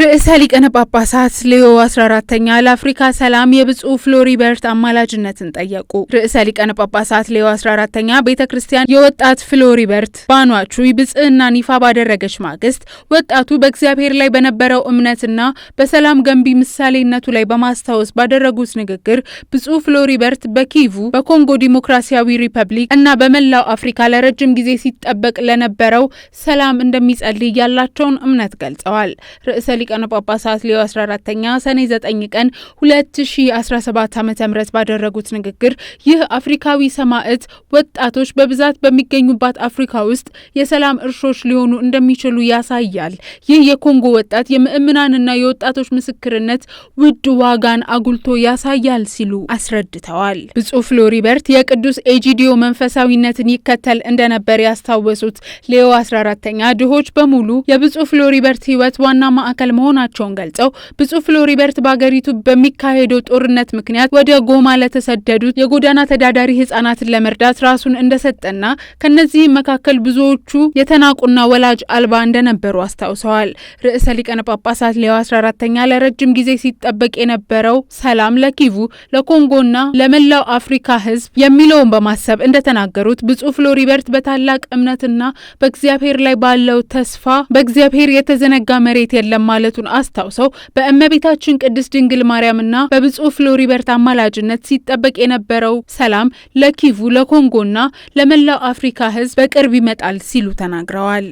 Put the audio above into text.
ርዕሰ ሊቀነ ጳጳሳት ሌዮ 14ተኛ ለአፍሪካ ሰላም የብፁዕ ፍሎሪበርት አማላጅነትን ጠየቁ። ርዕሰ ሊቀነ ጳጳሳት ሌዮ 14ተኛ ቤተ ክርስቲያን የወጣት ፍሎሪበርት ባኗቹ ብጽዕናን ይፋ ባደረገች ማግስት ወጣቱ በእግዚአብሔር ላይ በነበረው እምነትና በሰላም ገንቢ ምሳሌነቱ ላይ በማስታወስ ባደረጉት ንግግር ብፁዕ ፍሎሪበርት በኪቩ በኮንጎ ዲሞክራሲያዊ ሪፐብሊክ እና በመላው አፍሪካ ለረጅም ጊዜ ሲጠበቅ ለነበረው ሰላም እንደሚጸልይ ያላቸውን እምነት ገልጸዋል። ሊቃነ ጳጳሳት ሊዮ 14ተኛ ሰኔ 9 ቀን 2017 ዓ ም ባደረጉት ንግግር ይህ አፍሪካዊ ሰማዕት ወጣቶች በብዛት በሚገኙባት አፍሪካ ውስጥ የሰላም እርሾች ሊሆኑ እንደሚችሉ ያሳያል። ይህ የኮንጎ ወጣት የምዕምናንና የወጣቶች ምስክርነት ውድ ዋጋን አጉልቶ ያሳያል ሲሉ አስረድተዋል። ብፁዕ ፍሎሪበርት የቅዱስ ኤጂዲዮ መንፈሳዊነትን ይከተል እንደነበር ያስታወሱት ሌዮ 14ተኛ ድሆች በሙሉ የብፁዕ ፍሎሪበርት ህይወት ዋና ማዕከል አካል መሆናቸውን ገልጸው ብፁዕ ፍሎሪበርት በሀገሪቱ በሚካሄደው ጦርነት ምክንያት ወደ ጎማ ለተሰደዱት የጎዳና ተዳዳሪ ህጻናትን ለመርዳት ራሱን እንደሰጠና ከእነዚህም መካከል ብዙዎቹ የተናቁና ወላጅ አልባ እንደነበሩ አስታውሰዋል። ርዕሰ ሊቀነ ጳጳሳት ሌዮ 14ተኛ ለረጅም ጊዜ ሲጠበቅ የነበረው ሰላም ለኪቩ ለኮንጎና ለመላው አፍሪካ ህዝብ የሚለውን በማሰብ እንደተናገሩት ብፁዕ ፍሎሪበርት በታላቅ እምነትና በእግዚአብሔር ላይ ባለው ተስፋ በእግዚአብሔር የተዘነጋ መሬት የለም ማለቱን አስታውሰው በእመቤታችን ቅድስት ድንግል ማርያምና በብፁዕ ፍሎሪበርት አማላጅነት ሲጠበቅ የነበረው ሰላም ለኪቩ ለኮንጎና ለመላው አፍሪካ ሕዝብ በቅርብ ይመጣል ሲሉ ተናግረዋል።